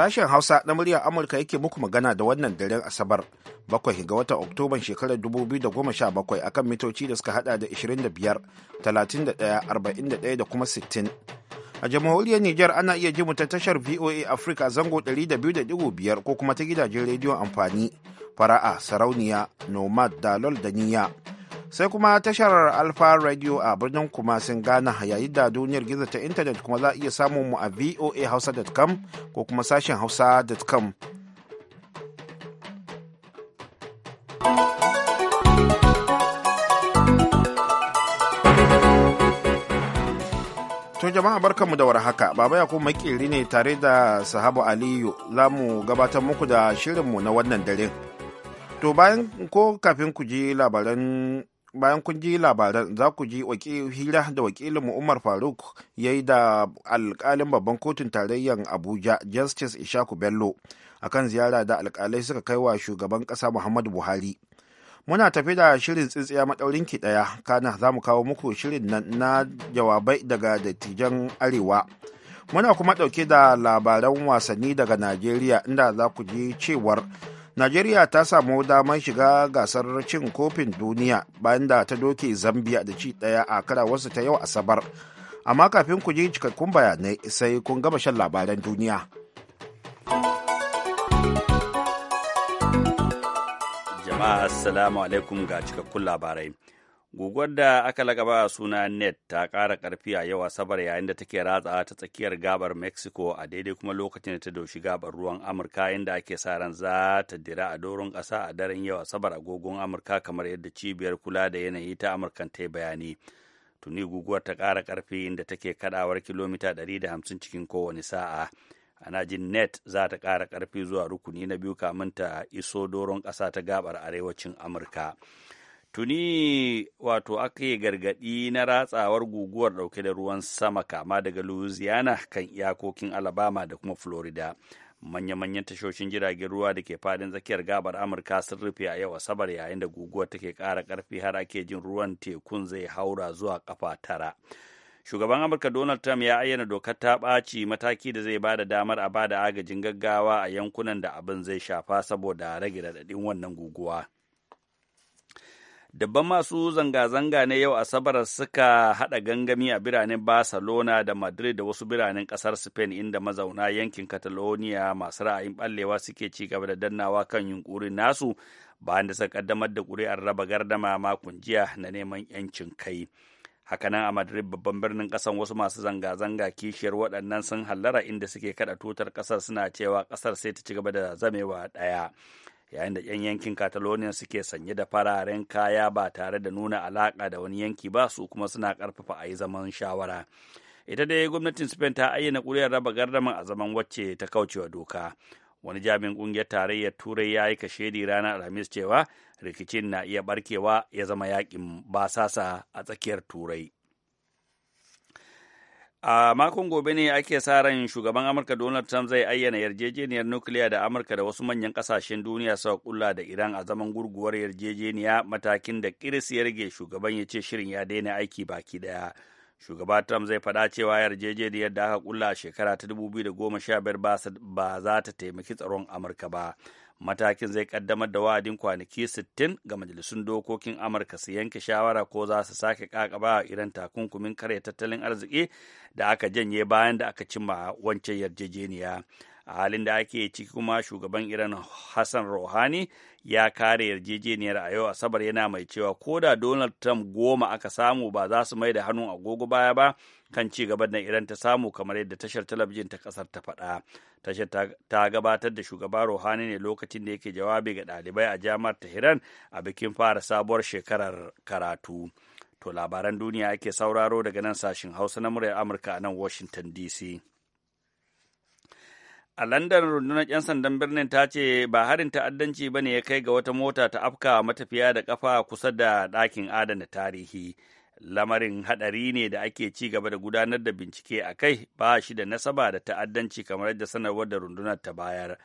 Sashen Hausa na muryar Amurka yake muku magana da wannan daren Asabar bakwai ga watan Oktoban shekarar 2017 akan mitoci da suka hada da 25, 31, 41 da kuma 60. A jamhuriyar Nijar ana iya ji ta tashar VOA Africa zango 200.5 ko kuma ta gidajen rediyon amfani fara'a sarauniya nomad dalol da niyya sai kuma tashar alfa radio a birnin kumasin gana yayin da duniyar gizo ta intanet kuma za a iya samun mu a voahausa.com ko kuma sashen hausa.com To jama'a barkanmu da warhaka Baba ya kuma makiri ne tare da Sahabu Aliyu za mu gabatar muku da shirinmu na wannan dare. To bayan ko kafin ku ji labaran bayan kun ji labaran za ku ji hira da wakilin mu umar faruk ya yi da alkalin babban kotun tarayyar abuja justice ishaku bello akan ziyara da alkalai suka kai wa shugaban kasa muhammadu buhari muna tafi da shirin tsintsiya maɗaurin ki ɗaya kana za mu kawo muku shirin nan na jawabai daga dattijan arewa muna kuma ɗauke da labaran wasanni daga najeriya inda za ku ji cewar najeriya ta samu damar shiga gasar cin kofin duniya bayan da ta doke zambia da ci ɗaya a wasu ta yau asabar amma kafin ku ji cikakkun bayanai sai kun gama shan labaran duniya jama'a assalamu alaikum ga cikakkun labarai guguwar da aka lagaba a suna net ta kara karfi a yau asabar yayin da take ratsa ta tsakiyar gabar mexico a daidai kuma lokacin da ta doshi gabar ruwan amurka inda ake sa ran za ta dira a doron kasa a daren yau asabar agogon amurka kamar yadda cibiyar kula da yanayi ta amurkan ta bayani tuni guguwar ta kara karfi inda take kadawar kilomita 150 cikin kowane sa'a ana jin net za ta ƙara ƙarfi zuwa rukuni na biyu kamin ta iso doron ƙasa ta gabar arewacin amurka tuni wato aka yi gargaɗi na ratsawar guguwar ɗauke da ruwan sama kama daga louisiana kan iyakokin alabama da kuma florida manya-manyan tashoshin jiragen ruwa da ke fadin tsakiyar gabar amurka sun rufe a yau asabar yayin da guguwar take kara karfi har ake jin ruwan tekun zai haura zuwa ƙafa tara shugaban amurka donald trump ya ayyana dokar ta ɓaci mataki da zai ba da damar a ba da agajin gaggawa a yankunan da abin zai shafa saboda rage raɗaɗin wannan guguwa Dabban masu zanga-zanga na yau Asabar suka haɗa gangami a biranen Barcelona da Madrid da wasu biranen ƙasar Spain inda mazauna yankin Catalonia masu ra'ayin ɓallewa suke ci gaba da dannawa kan yunƙurin nasu bayan da suka ƙaddamar da ƙuri'ar raba gardama makon jiya na neman 'yancin kai. hakanan a madrid babban birnin kasan wasu masu zanga-zanga kishiyar waɗannan sun hallara inda suke kaɗa tutar ƙasar suna cewa ƙasar sai ta ci gaba da zamewa ɗaya yayin da 'yan yankin catalonia suke sanye da fararen kaya ba tare da nuna alaƙa da wani yanki ba su kuma suna ƙarfafa a yi zaman shawara ita dai gwamnatin spain ta ayyana ƙuri'ar raba gardaman a zaman wacce ta kaucewa doka wani jami'in ƙungiyar tarayyar turai ya yi kashedi ranar alhamis cewa rikicin na iya barkewa ya zama yaƙin basasa a tsakiyar turai A makon gobe ne ake sa ran shugaban Amurka Donald Trump zai ayyana yarjejeniyar nukiliya da Amurka da wasu manyan kasashen duniya suka kulla da Iran a zaman gurguwar yarjejeniya matakin da kiris ya rage shugaban ya ce shirin ya daina aiki baki daya. Shugaba Trump zai faɗa cewa yarjejeniyar da aka kulla a shekara ta 2015 ba za ta taimaki tsaron Amurka ba. matakin zai kaddamar da wa'adin kwanaki 60 ga majalisun dokokin amurka su yanke shawara ko za su sake kakaba idan irin takunkumin karya tattalin arziki da aka janye bayan da aka cimma wancan yarjejeniya a halin da ake ciki kuma shugaban iran hassan rohani ya kare yarjejeniyar a yau asabar yana mai cewa ko da donald trump goma aka samu ba za su mai da hannun agogo baya ba kan ci gaban nan Iran ta samu kamar yadda tashar talabijin ta kasar ta faɗa. Tashar ta gabatar da shugaba ruhani ne lokacin da yake jawabi ga ɗalibai a jami'ar Tehran a bikin fara sabuwar shekarar karatu. To labaran duniya ake sauraro daga nan sashin Hausa na muryar Amurka a nan Washington DC. a London rundunar 'yan sandan birnin ta ce ba harin ta'addanci ba ne ya kai ga wata mota ta afka matafiya da kafa kusa da ɗakin adana tarihi. lamarin hadari ne da ake ci gaba da gudanar da bincike a kai ba shi da nasaba da ta'addanci kamar yadda sanarwar da rundunar ta bayar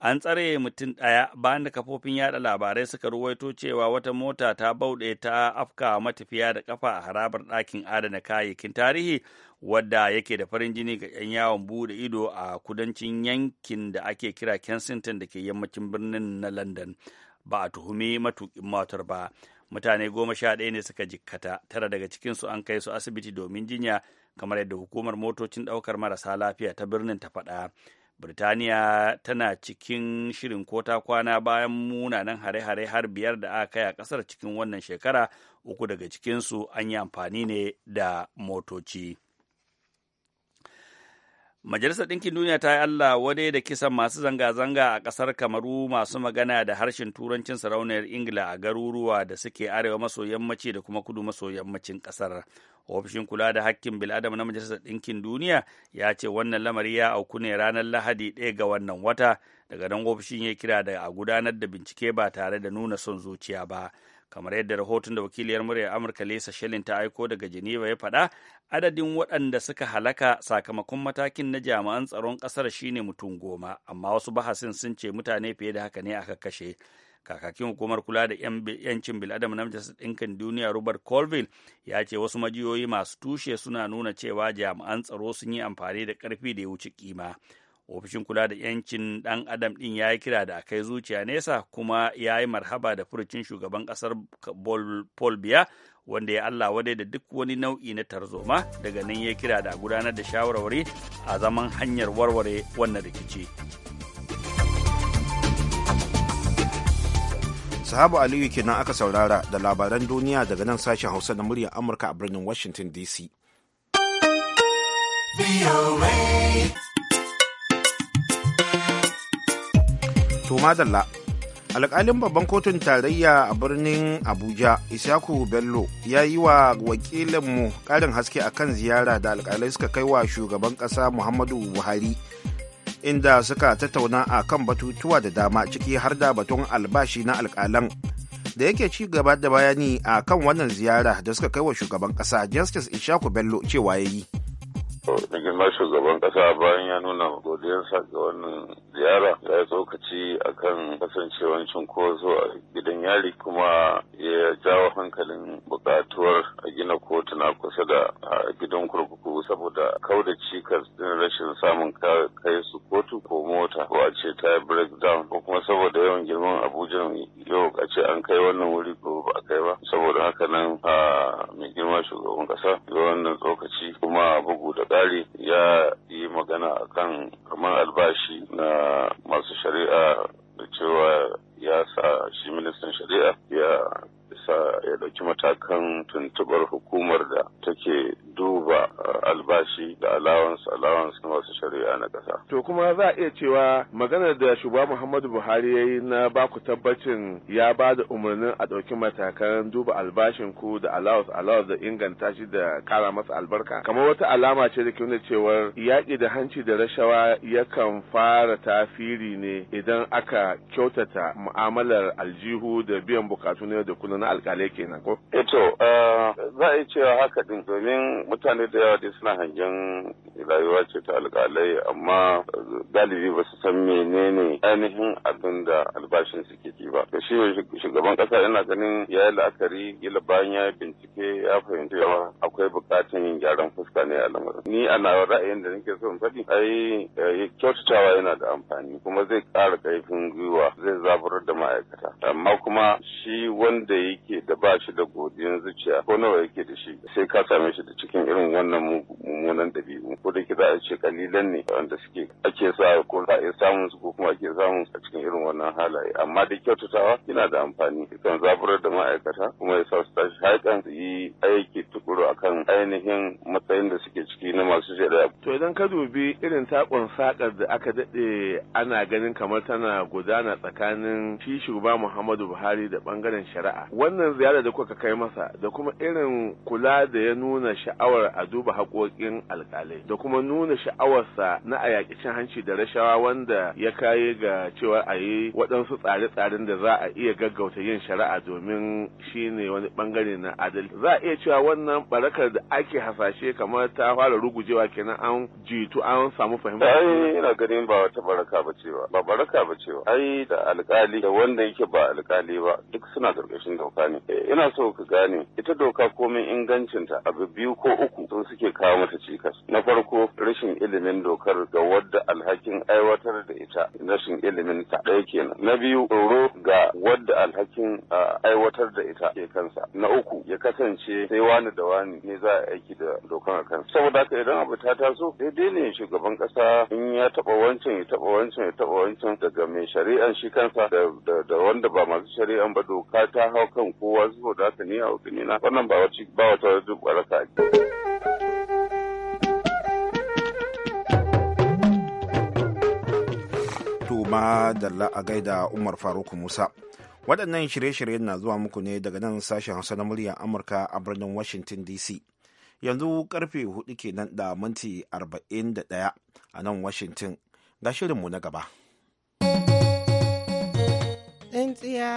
an tsare mutum ɗaya bayan da kafofin yada labarai suka ruwaito cewa wata mota ta bauɗe ta afka matafiya da kafa a harabar ɗakin adana kayayyakin tarihi wadda yake da farin jini ga 'yan yawon bude ido a kudancin yankin da ake kira kensington da ke yammacin birnin na london ba a tuhumi matukin motar ba mutane goma sha ɗaya ne suka jikkata tara daga cikinsu an kai su asibiti domin jinya kamar yadda hukumar motocin ɗaukar marasa lafiya ta birnin ta faɗa Birtaniya tana cikin shirin ko ta kwana bayan munanan hare-hare har biyar da aka kai a ƙasar cikin wannan shekara uku daga cikinsu an yi amfani ne da motoci. Majalisar Ɗinkin Duniya ta yi Allah wadai da kisan masu zanga-zanga a ƙasar Kamaru masu magana da harshen Turancin sarauniyar Ingila a garuruwa da suke arewa maso yammaci da kuma kudu maso yammacin ƙasar. Ofishin kula da hakkin bil'adama na Majalisar Ɗinkin Duniya ya ce wannan lamari ya auku ne ranar Lahadi ɗaya ga wannan wata daga nan ofishin ya kira da a gudanar da bincike ba tare da nuna son zuciya ba. kamar yadda rahoton da wakiliyar muryar amurka lesa shelin ta aiko daga geneva ya faɗa adadin waɗanda suka halaka sakamakon matakin na jami'an tsaron ƙasar shine mutum goma amma wasu bahasin sun ce mutane fiye da haka ne aka kashe kakakin hukumar kula da yancin bil'adam na majalisar ɗinkin duniya robert colville ya ce wasu majiyoyi masu tushe suna nuna cewa jami'an tsaro sun yi amfani da ƙarfi da ya wuce kima ofishin kula da yancin ɗan adam ɗin ya yi kira da kai zuciya nesa kuma ya yi marhaba da furucin shugaban ƙasar paul biya wanda ya allah wadai da duk wani nau'i na tarzoma daga nan ya kira da gudanar da shawarwari a zaman hanyar warware wannan rikici sahabu aliyu kenan aka saurara da labaran duniya daga nan sashen hausa na muryar amurka a birnin washington dc To madalla, alƙalin babban kotun tarayya a birnin Abuja, isaku Bello, ya yi wa wakilinmu ƙarin haske a kan ziyara da alkalai suka kai wa shugaban ƙasa Muhammadu Buhari, inda suka tattauna a kan batutuwa da dama ciki har da batun albashi na alkalan Da yake ci gaba da bayani a kan wannan ziyara da suka kai wa shugaban ƙasa Justice Ishaku Bello cewa ya yi. girma shugaban kasa bayan ya nuna godiyarsa ga wannan ziyara ya yi tsokaci kan kasancewan cunkoso a gidan yari kuma ya jawo hankalin bukatuwar a gina kotuna kusa da gidan kurkuku saboda kauda cikas din rashin samun kai su kotu ko mota wace ta yi breakdown ko kuma saboda yawan girman abuja yau a ce an kai wannan wuri ko ba a kai ba saboda haka nan a mai girma shugaban kasa da wannan lokaci kuma bugu da ƙari ya yi magana akan kamar albashi na cewa maganar da shugaba Muhammadu Buhari ya yi na baku tabbacin ya ba da umarnin a ɗauki matakan duba albashin ku da allowance allowance da inganta shi da kara masa albarka. Kamar wata alama ce da ke nuna cewar yaƙi da hanci da rashawa yakan fara tafiri ne idan aka kyautata mu'amalar aljihu da biyan bukatu ne da kullum na alƙalai kenan ko? Eto, eh eh, za a yi cewa haka din domin mutane da yawa suna hangen rayuwa ce ta alƙalai amma galibi ba su san menene ainihin abin da albashin suke ji ba. Da shi shugaban kasa yana ganin ya yi la'akari gila bayan ya yi bincike ya fahimci yawa akwai buƙatan yin gyaran fuska ne a lamarin. Ni ana ra'ayin da nake so in faɗi ai eh, kyautatawa yana da amfani kuma zai ƙara ƙaifin gwiwa zai zaburar da ma'aikata. Amma kuma shi wanda yake da bashi da godiyan zuciya ko nawa yake da shi sai ka same shi da cikin irin wannan mummunan ɗabi'u ko da ke za a ce kalilan ne wanda suke ake sa ko za a samun su ko kuma ake samun a cikin irin wannan halaye amma da kyautatawa yana da amfani kan zaburar da ma'aikata kuma ya sa su tashi haƙan su yi aiki tukuru akan ainihin matsayin da suke ciki na masu shari'a. To idan ka dubi irin takon sakar da aka daɗe ana ganin kamar tana gudana tsakanin shi shugaba Muhammadu Buhari da bangaren shari'a. Wannan ziyara da kuka kai masa da kuma irin kula da ya nuna sha'awar a duba haƙoƙin cikin alkalai da kuma nuna sha'awarsa na a yaƙi cin hanci da rashawa wanda ya kayi ga cewa a yi waɗansu tsare-tsaren da za a iya gaggauta yin shari'a domin shi ne wani ɓangare na adalci za a iya cewa wannan barakar da ake hasashe kamar ta fara rugujewa kenan an jitu an samu fahimta. ai ina ganin ba wata baraka ba cewa ba baraka ba cewa ai da alkali da wanda yake ba alkali ba duk suna ƙarƙashin doka ne eh, ina so ka gane ita doka komai ingancinta abu biyu ko uku sun suke kawo ta cikas. Na farko rashin ilimin dokar ga wadda alhakin aiwatar da ita rashin ilimin ta ɗaya kenan. Na biyu tsoro ga wadda alhakin aiwatar da ita ke kansa. Na uku ya kasance sai wani da wani ne za a aiki da dokan a Saboda haka idan abu ta taso daidai ne shugaban kasa in ya taɓa wancan ya taɓa wancan ya taɓa wancan daga mai shari'an shi kansa da wanda ba masu shari'an ba doka ta hau kan kowa saboda haka ni a na wannan ba wata ba wata duk a da a gaida umar faruk musa waɗannan shirye-shiryen na zuwa muku ne daga nan sashen hausa na muryar amurka a birnin washington dc yanzu karfe 4 kenan da minti 41 a nan washington ga shirinmu na gaba tsintsiya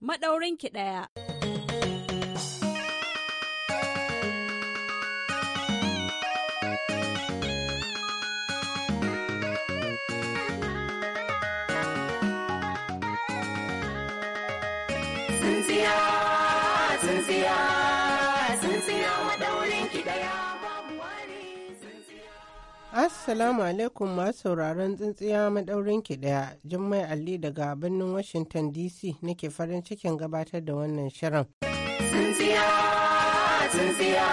maɗaurinki ɗaya Assalamu alaikum masu sauraron tsintsiya madaurin ki daya Jummai Ali daga birnin Washington DC nake farin cikin gabatar da wannan shirin. Tsintsiya, tsintsiya,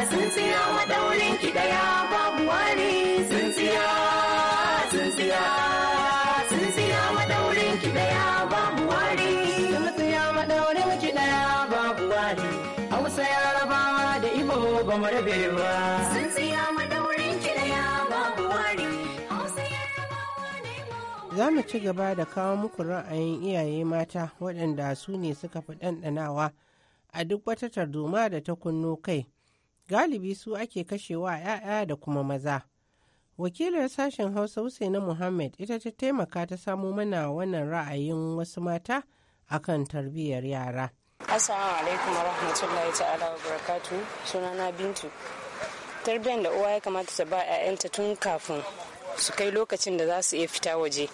tsintsiya madaurin ki daya babu wani tsintsiya, tsintsiya, tsintsiya madaurin ki daya babu wani. Tsintsiya madaurin ki daya babu wani. Hausa Yarabawa da Ibo ba mu rabe ba. za mu ci gaba da kawo muku ra'ayin iyaye mata waɗanda su ne suka fi ɗanɗanawa a duk wata tarduma da ta kunno kai galibi su ake kashewa ‘ya'ya da kuma maza wakilar sashen hausa Husaina muhammad ita ta taimaka ta samo mana wannan ra'ayin wasu mata akan tarbiyyar yara assalamu alaikum wa rahmatullahi ta'ala wa barakatu sunana bintu tarbiyyar da uwa ya kamata ta ba 'ya'yanta tun kafin su kai lokacin da za su iya fita waje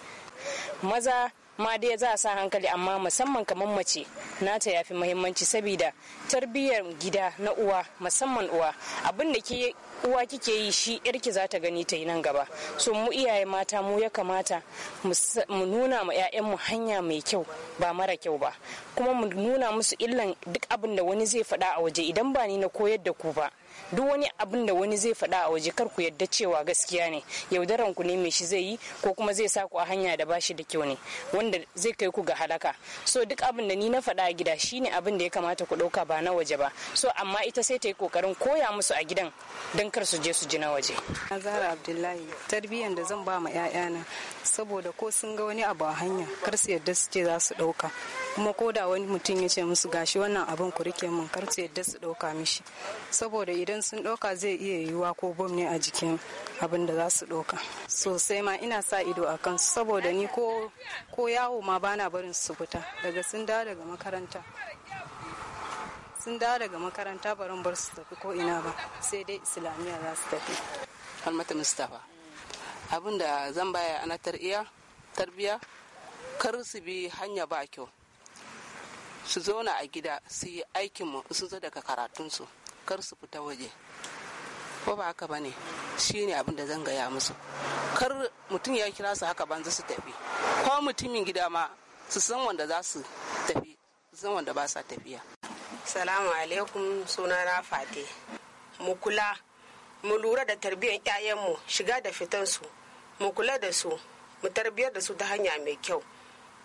maza ma dai za a sa hankali amma musamman kamar mace nata yafi muhimmanci saboda tarbiyyar gida na uwa musamman uwa abin da ke uwa kike yi shi yarki za ta gani ta yi nan gaba so mu iyaye mata mu ya kamata mu nuna ma 'ya'yanmu hanya mai kyau ba mara kyau ba kuma mu nuna musu illan duk abin da wani zai faɗa a waje idan ba ni na koyar da ku ba duk wani abin da wani zai faɗa a waje kar ku yadda cewa gaskiya ne yaudaran ku ne mai shi zai yi ko kuma zai sa ku a hanya da bashi da kyau ne wanda zai kai ku ga halaka so duk abin da ni na faɗa a gida shine abin da ya kamata ku ɗauka ba na waje ba so amma ita sai ta yi kokarin koya musu a gidan don kar su je su ji na waje. Zara Abdullahi tarbiyyar da zan ba ma 'ya'yana saboda ko sun ga wani abu a hanya kar su yadda su ce za su ɗauka kuma ko da wani mutum ya ce musu gashi wannan abin ku rike mun kar su yadda su ɗauka mishi saboda idan sun ɗauka zai iya yiwuwa ko bom ne a jikin abin da za su ɗauka sosai ma ina sa ido a kansu saboda ni ko yawo ma bana barin su fita daga sun dawo daga makaranta sun dawo daga makaranta barin bar su tafi ko ina ba sai dai islamiyya za su tafi halmata mustapha abin da zan baya ana tarbiya kar su bi hanya ba kyau su zauna a gida su yi aikinmu su zo daga karatunsu kar su fita waje ko ba haka ba ne shi ne abin da zan gaya musu kar mutum ya kira su haka banza su tafi ko mutumin gida ma su san wanda za su tafi san wanda ba sa tafiya salamu alaikum suna na fate mu kula mu lura da tarbiyyar ƴaƴanmu shiga da fitansu mu kula da su mu tarbiyar da su ta hanya mai kyau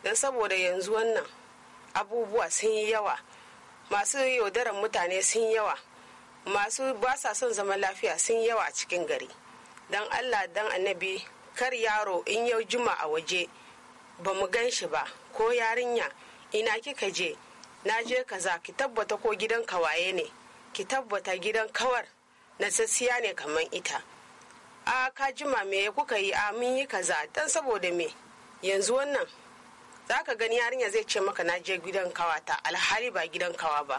don saboda yanzu wannan abubuwa sun yi yawa masu yaudarar mutane sun yawa masu basa son zama lafiya sun yawa a cikin gari don allah don annabi kar yaro in yau juma a waje ba mu gan shi ba ko yarinya ina kika je na je kaza ki tabbata ko gidan kawaye ne ki tabbata gidan kawar na sassiya ne kamar ita a ka jima me kuka yi a mun yi kaza dan saboda me yanzu wannan za ka gani yarinya zai ce maka na je gidan kawa ta alhali ba gidan kawa ba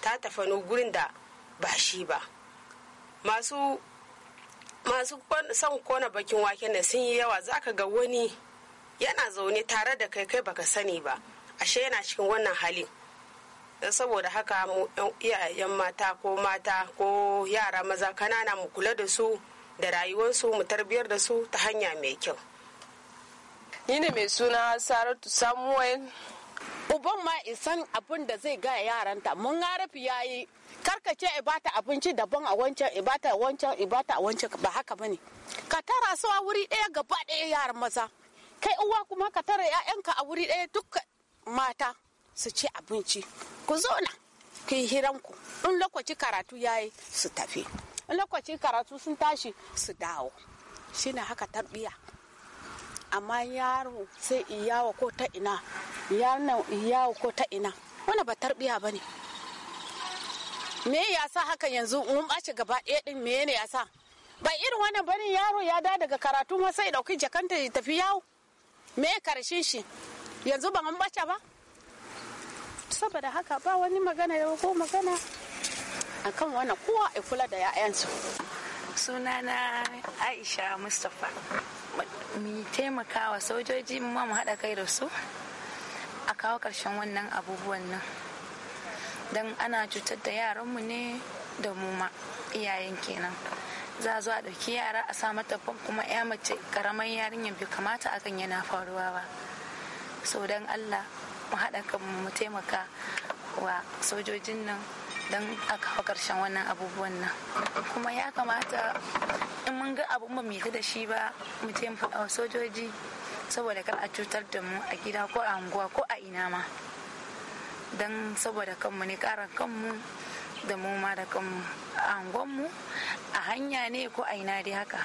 ta tafano gurin da ba shi ba masu son kona bakin waken da sun yi yawa za ka ga wani yana zaune tare da kai kai baka sani ba ashe yana cikin wannan hali saboda haka iyayen mata ko mata ko yara maza kanana mu kula da su da rayuwarsu mu tarbiyar da su ta hanya mai kyau ni ne mai suna saratu samuel uban ma isan abin da zai gaya yaranta mun harafi ya yi karkace ibata abinci daban a wancan ibata wancan ibata wancan ba haka bane ka tara su a wuri ɗaya gaba ɗaya yaran maza kai uwa kuma ka tara ƴaƴanka a wuri ɗaya duk mata su ci abinci ku zo na, ku yi hiranku in lokaci karatu ya yi su tafi in lokaci karatu sun tashi su dawo shine haka tarbiya amma yaro sai iyawa ko ta ina yaron iyawa ko ta ina wani ba tarbiya ba ne me ya sa haka yanzu mun ɓaci gaba ɗaya ɗin me ne ya sa ba irin wannan bane yaro ya da daga karatu ma sai ɗauki jakanta ya tafi yawo me karshen shi yanzu ba mun ɓace ba saboda haka ba wani magana ya ko magana akan wannan kowa ya kula da 'ya'yansu sunana aisha mustapha mu taimakawa sojoji mu ma mu haɗa kai da su a kawo ƙarshen wannan abubuwan nan don ana cutar da yaranmu ne da mu ma iyayen kenan za zo a ɗauki yara a sa mata kuma ya mace ƙaramin yarinya bai kamata akan yana faruwa ba so don allah mu haɗa kan mu taimaka wa sojojin nan don aka hau karshen wannan abubuwan nan kuma ya kamata in mun ga abun ba mu yi da shi ba mu je mu sojoji saboda kar a cutar da mu a gida ko a unguwa ko a ina ma don saboda kanmu ne karan kanmu da mu ma da kanmu a unguwanmu a hanya ne ko a ina dai haka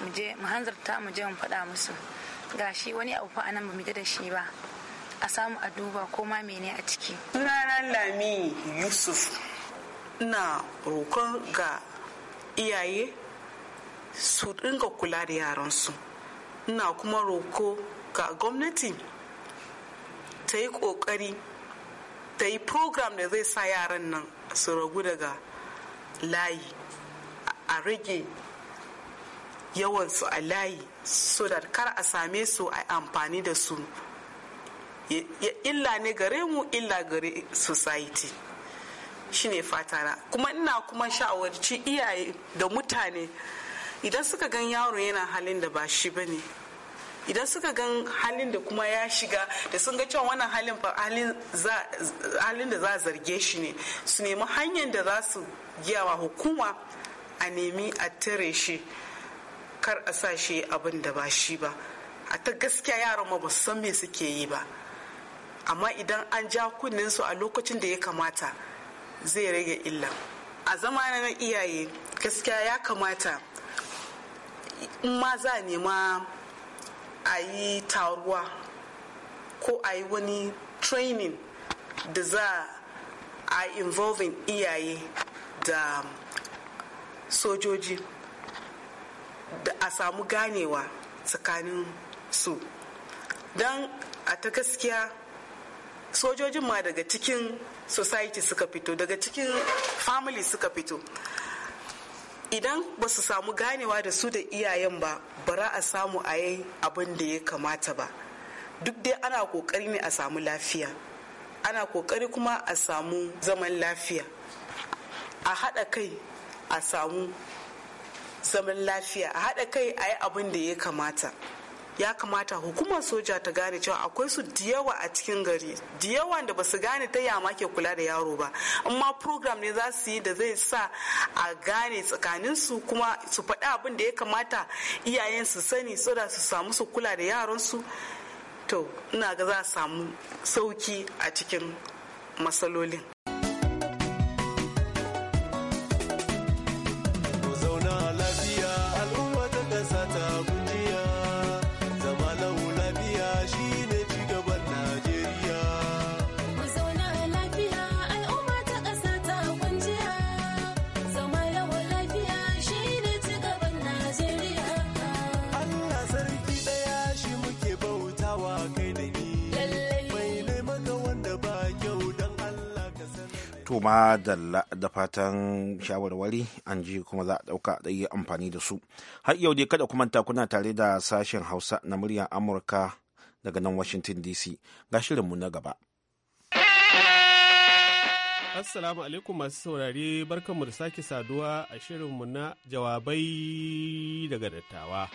mu je mu hanzarta mu je mu faɗa musu ga shi wani abu fa anan ba mu da shi ba a samu a duba ko ma mene a ciki Sunanan lami yusuf ina roƙon ga iyaye su dinga kula da yaransu ina kuma roko ga gwamnati ta yi ƙoƙari ta yi program da zai sa yaran nan su ragu daga layi a rage yawansu a layi so da kar a same su a amfani da su illa ne gare mu illa gare society shine fatana kuma ina kuma sha'awarci iyaye da mutane idan suka gan yaro yana halin da ba shi ne idan suka gan halin da kuma ya shiga da sun ga cewa wannan halin fa halin da za a zarge shi ne su nemi hanyar da za su wa hukuma a nemi a tare shi kar a sa shi abin da ba shi ba a ta gaskiya yaran ma ba san me suke yi ba amma idan an ja kunnen su a lokacin da ya kamata zai rage illa a zama iyaye gaskiya ya kamata in ma za a nema a yi taruwa ko a yi wani training da za a involving iyaye da sojoji da a samu ganewa tsakanin su don a ta gaskiya sojojin ma daga cikin society suka fito daga cikin family suka fito idan ba su samu ganewa da su da iyayen ba bara a samu a yi abin da ya kamata ba duk dai ana kokari ne a samu lafiya ana kokari kuma a samu zaman lafiya a haɗa kai a samu zaman lafiya a haɗa kai a yi abin da ya kamata ya kamata hukumar soja ta gane cewa akwai su da yawa a cikin gari da yawa da basu gane ta yama ke kula da yaro ba amma program ne za su yi da zai sa a gane tsakanin su kuma su faɗi abin da ya kamata iyayen su sani so da su samu su kula da yaron su to ina ga za a samu sauki a cikin matsalolin to ma da fatan shawarwari an ji kuma za a ɗauka da yi amfani da su har yau dai kada kuma ta kuna tare da sashen hausa na muryar amurka daga nan washington dc ga mu na gaba assalamu alaikum masu saurare barkanmu da sake saduwa a mu na jawabai daga dattawa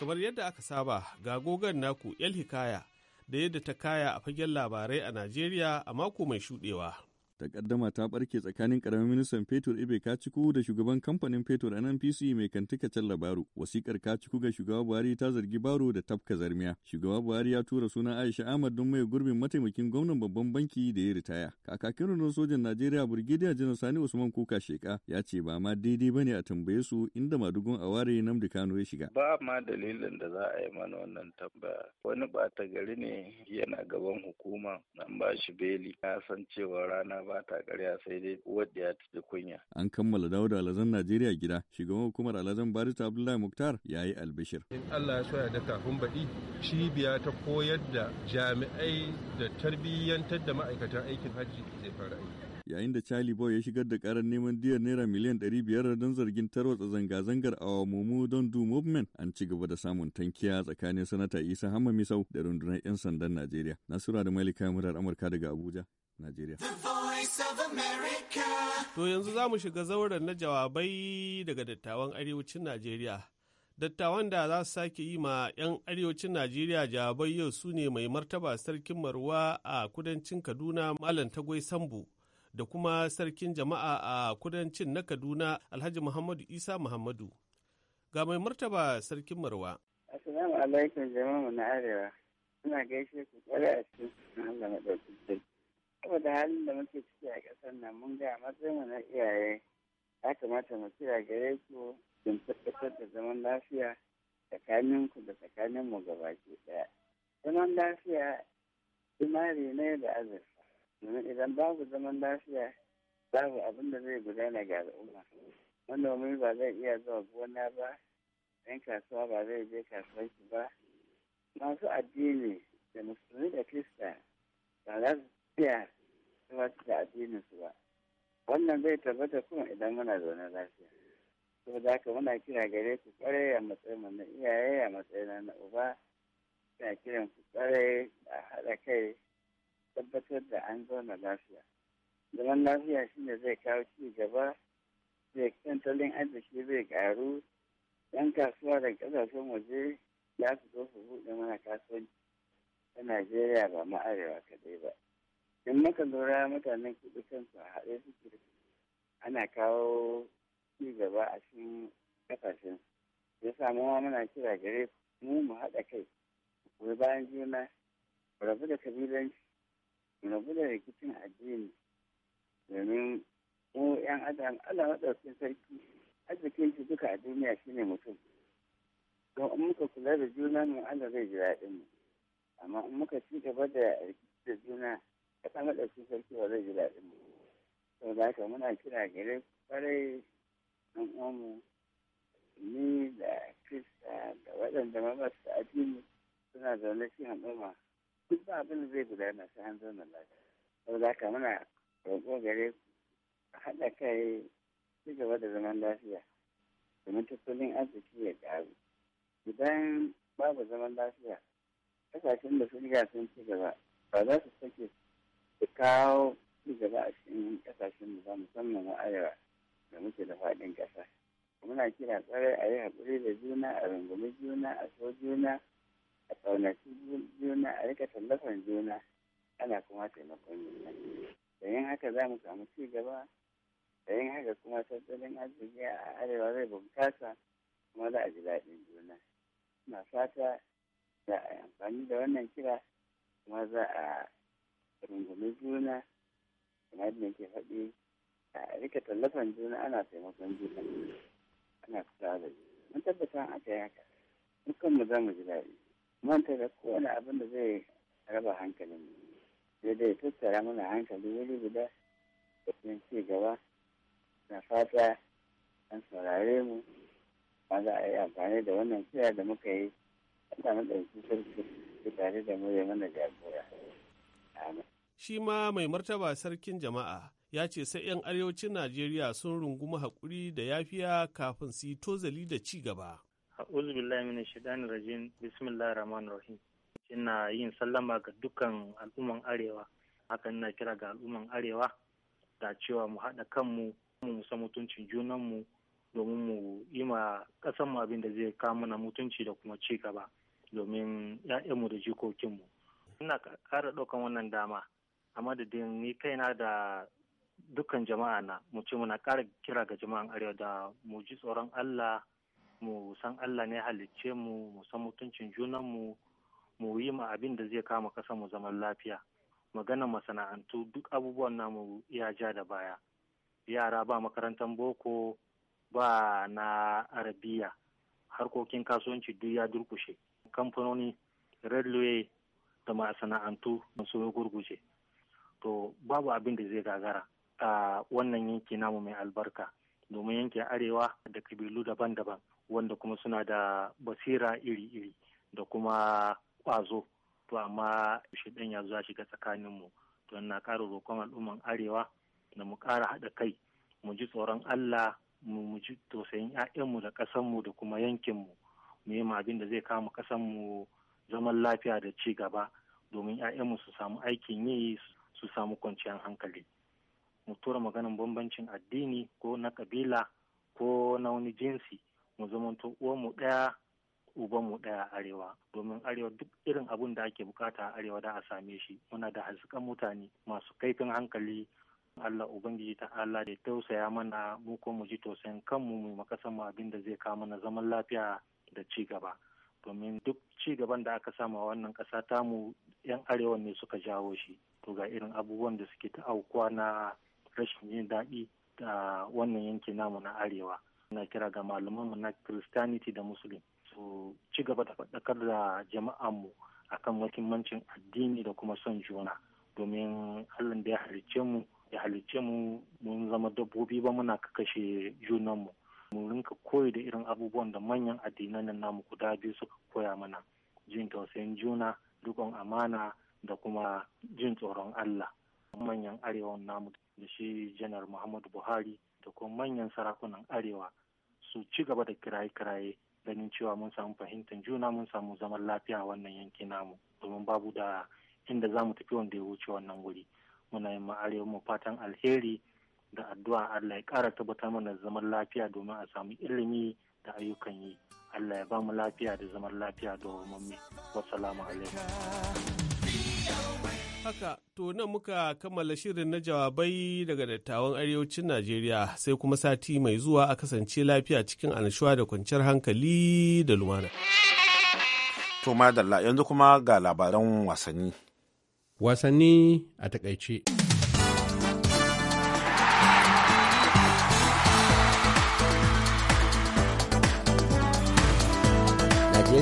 kamar yadda aka saba ga gogon naku yal hikaya da yadda ta kaya a fagen labarai a Najeriya a mako mai shuɗewa. takaddama ta barke tsakanin karamin ministan fetur ibe kaciku da shugaban kamfanin fetur nnpc mai kantika can labaru wasikar kaciku ga shugaba buhari ta zargi baro da tafka zarmiya shugaba buhari ya tura sunan aisha ahmad don mai gurbin mataimakin gwamnan babban banki da ya ritaya kakakin rundunar sojan najeriya burgidiya janar sani usman kuka sheka ya ce ba ma daidai bane a tambaye su inda madugun aware namdi kano ya shiga ba ma dalilin da za a yi mana wannan tambaya wani bata gari ne yana gaban hukuma nan ba shi beli ya san cewa rana ba ta karya sai dai uwar da ya tafi kunya. An kammala dawo da alazan Najeriya gida, shugaban hukumar alazan Barista Abdullahi Muktar ya yi albishir. In Allah ya soya da kafin baɗi, cibiya ta koyar da jami'ai da tarbiyyantar da ma'aikatan aikin hajji zai fara aiki. yayin da Charlie Boy ya shigar da karar neman diyar naira miliyan ɗari 500 don zargin tarwatsa zanga-zangar a Mumu don Do Movement an ci gaba da samun tankiya tsakanin sanata Isa Hamma Misau da rundunar 'yan sandan Najeriya. Nasura da Malika Murar Amurka daga Abuja, Najeriya. Voice of America. To yanzu za mu shiga zauren na jawabai daga dattawan arewacin Najeriya. Dattawan da za su sake yi ma 'yan arewacin Najeriya jawabai yau su ne mai martaba sarkin Marwa a kudancin Kaduna Malam Tagwai Sambu da kuma sarkin jama'a a kudancin na Kaduna Alhaji Muhammadu Isa Muhammadu. Ga mai martaba sarkin Marwa. Assalamu alaikum jama'a na Arewa. Ina gaishe ku kwarai a cikin saboda halin da muke ciki a ƙasar nan mun ga mu na iyaye ya kamata mu kira gare ku don tabbatar da zaman lafiya tsakanin ku da tsakanin mu gabaki daya Zaman lafiya imari ne da azurfa. Domin idan babu zaman lafiya babu abin da zai gudana ga al'umma. Manomi ba zai iya zuwa gona ba, yan kasuwa ba zai je kasuwanci ba. Masu addini da musulmi da krista ba za su iya ba su da addinin su ba wannan zai tabbata kuma idan muna zaune lafiya saboda haka muna kira gare ku kware a matsayin na iyaye a matsayin na uba ina kiran ku kware a haɗa kai tabbatar da an zauna lafiya zaman lafiya shine zai kawo ci gaba zai tattalin arziki zai karu yan kasuwa da ƙasashen waje za su zo su buɗe mana kasuwanci ta najeriya ba ma arewa kaɗai ba in muka lura mutanen kudu kansu a haɗe suke ana kawo ci gaba a cikin kasashen ya samu ma muna kira gare mu mu haɗa kai mu bayan juna mu rabu da kabilanci rabu da rikicin addini domin mu 'yan adam Allah maɗaukin sarki arzikin shi duka a duniya shine mutum don in muka kula da juna mu Allah zai ji daɗin amma in muka ci gaba da rikici da juna kasan maɗauki sarki ba zai ji daɗin mu sau da haka muna kira gare kwarai ɗan uwanmu ni da kirista. da waɗanda ma addini suna zaune cikin al'umma duk ba abin da zai gudana sai an na lafiya sau da haka muna roƙo gare a haɗa kai ci gaba da zaman lafiya domin tattalin arziki ya ƙaru idan babu zaman lafiya kasashen da sun riga sun ci gaba ba za su sake su kawo gaba a cikin kasashen mu ba musamman wa arewa da muke da faɗin ƙasa muna kira tsarai a yi haƙuri da juna a rungumi juna a so juna a ƙaunaci juna a rika tallafan juna ana kuma taimakon juna da yin haka za mu samu ci gaba da yin haka kuma tattalin arziki a arewa zai bunkasa kuma za a ji daɗin juna na fata za a yi amfani da wannan kira kuma za a rungumi juna kamar yadda nake faɗi a rika tallafan juna ana taimakon juna ana fita da mun tabbata a kai haka dukkan mu za mu ji daɗi mun ta kowane abin da zai raba hankalin mu daidai dai tattara mana hankali wuri guda da kuma ci gaba na fata an saurare mu ma za a yi amfani da wannan kira da muka yi a samu ɗauki sarki tare da mu ya mana jagora. Shi ma mai martaba sarkin jama'a ya ce sai 'yan arewacin Najeriya sun rungumi haƙuri da yafiya kafin su yi tozali da ci gaba. A'udhu billahi minash shaitanir rajim. rahim. Ina yin sallama ga dukkan al'umman arewa. Hakan na kira ga al'umman arewa da cewa mu haɗa kanmu mu san mutuncin junanmu domin mu yi ma ƙasanmu abin da zai kawo mana mutunci da kuma ci gaba domin 'ya'yanmu da jikokinmu. Ina kara ɗaukan wannan dama a madadin ni kaina da dukkan jama'a na mu ce muna ƙara kira ga jama'an arewa da mu ji tsoron Allah mu san Allah ne halicce mu mu san mutuncin junan mu mu yi ma abin da zai kama kasa mu zaman lafiya maganar masana'antu duk abubuwan namu ya ja da baya yara ba makarantar boko ba na arabiya harkokin kasuwanci duk ya durkushe kamfanoni redway da masana'antu ya gurguje to babu abin da zai gagara a wannan yanki namu mai albarka domin yankin arewa da kabilu daban-daban wanda kuma suna da basira iri-iri da kuma ƙwazo to amma ɗan ya zuwa shiga tsakaninmu to na ƙara roƙon al'umman arewa da mu ƙara haɗa kai mu ji tsoron Allah mu ji tausayin 'ya'yanmu da ƙasanmu da kuma yankinmu mu yi abin da zai kama ƙasanmu zaman lafiya da ci gaba domin 'ya'yanmu su samu aikin yi su samu kwanciyar hankali mu tura maganin bambancin addini ko na kabila ko na wani jinsi mu zamanto uwanmu ɗaya mu ɗaya arewa domin arewa duk irin abun da ake bukata a arewa da a same shi muna da hasken mutane masu kaifin hankali Allah Ubangiji ta Allah da tausaya mana mu ko mu ji tausayin kanmu mu makasan mu abin da zai kawo mana zaman lafiya da ci gaba domin duk ci gaban da aka sama wannan ƙasa tamu 'yan arewan ne suka jawo shi to ga irin abubuwan da suke ta aukuwa na rashin yin daɗi da wannan yanki namu na arewa na kira ga malamanmu na christianity da muslim su ci gaba da faɗakar da jama'anmu akan muhimmancin addini da kuma son juna domin allah da ya halicce mu ya halicce mu mun zama dabbobi ba muna kakashe junanmu mu rinka koyi da irin abubuwan da manyan addinan namu guda biyu suka koya mana jin tausayin juna rikon amana da kuma jin tsoron Allah manyan arewan namu da shi janar Muhammadu Buhari da kuma manyan sarakunan arewa su ci gaba da kiraye-kiraye ganin cewa mun samu fahimtar juna mun samu zaman lafiya wannan yanki namu domin babu da inda za mu tafi wanda ya wuce wannan wuri muna yin arewa mu fatan alheri da addu'a Allah ya ƙara tabbatar mana zaman lafiya domin a samu ilimi da ayyukan yi. Allah ya ba mu lafiya da zaman lafiya da umarni. Wassalamu alaikum. Haka, to nan muka kammala shirin na jawabai daga dattawan arewacin Najeriya sai kuma sati mai zuwa a kasance lafiya cikin annashuwa da kwanciyar hankali da lumana. To madalla yanzu kuma ga labaran wasanni. Wasanni a takaice.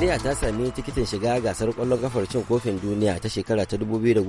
Najeriya ta sami tikitin shiga gasar kwallon kafar cin kofin duniya ta shekara ta 2018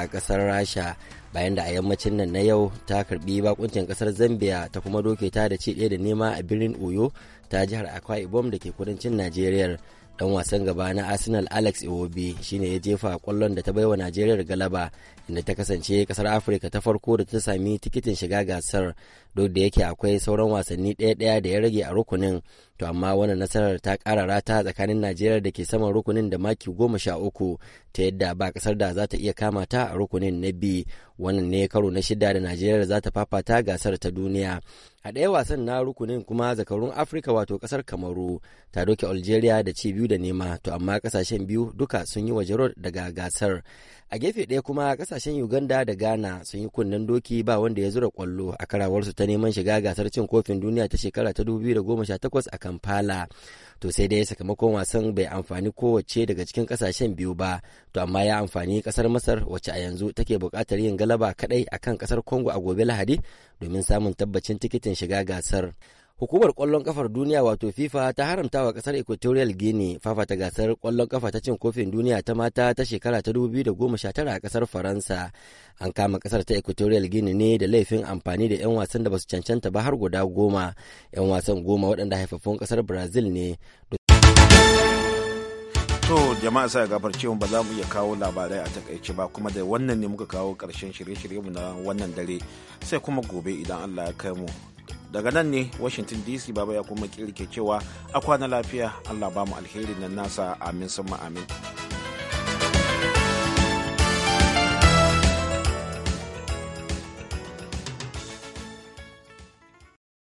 a kasar Rasha bayan da a yammacin nan na yau ta karbi bakuncin kasar Zambia ta kuma doke ta da ci ɗaya da nema a birnin Oyo ta jihar Akwa Ibom da ke kudancin Najeriya. Dan wasan gaba na Arsenal Alex Iwobi shine ya jefa kwallon da ta baiwa Najeriya galaba inda ta kasance kasar Afirka ta farko da ta sami tikitin shiga gasar duk da yake akwai sauran wasanni ɗaya-ɗaya da ya rage a rukunin to amma wannan nasarar ta ƙara rata tsakanin najeriya da ke saman rukunin da maki goma sha uku ta yadda ba kasar da za ta iya kama ta a rukunin na biyu wannan ne karo na shida da najeriya za ta fafata gasar ta duniya a ɗaya wasan na rukunin kuma zakarun afirka wato ƙasar kamaru ta doke algeria da ci biyu da nema to amma kasashen biyu duka sun yi waje daga gasar a gefe ɗaya kuma kasashen uganda da ghana sun yi kunnen doki ba wanda ya zura kwallo a karawarsu ta neman shiga gasar cin kofin duniya ta shekara ta 2018 a kampala to sai dai sakamakon wasan bai amfani kowace daga cikin kasashen biyu ba to amma ya amfani kasar masar wacce a yanzu take bukatar yin galaba kadai akan kasar congo a gobe lahadi domin samun tabbacin tikitin shiga gasar Hukumar kwallon kafar duniya wato FIFA ta haramta wa kasar Equatorial Guinea fafata gasar kwallon kafa ta cin kofin duniya ta mata ta shekara ta 2019 a kasar Faransa. An kama kasar ta Equatorial Guinea ne da laifin amfani da 'yan wasan da basu cancanta ba har guda goma. 'Yan wasan goma waɗanda haifaffun kasar Brazil ne. To jama'a sai gafar cewa ba za mu iya kawo labarai a takaice ba kuma da wannan ne muka kawo ƙarshen shirye-shiryenmu na wannan dare sai kuma gobe idan Allah ya kai mu daga nan ne washington dc baba ya kuma kirke cewa a kwana lafiya allah ba mu na nan nasa amin sama amin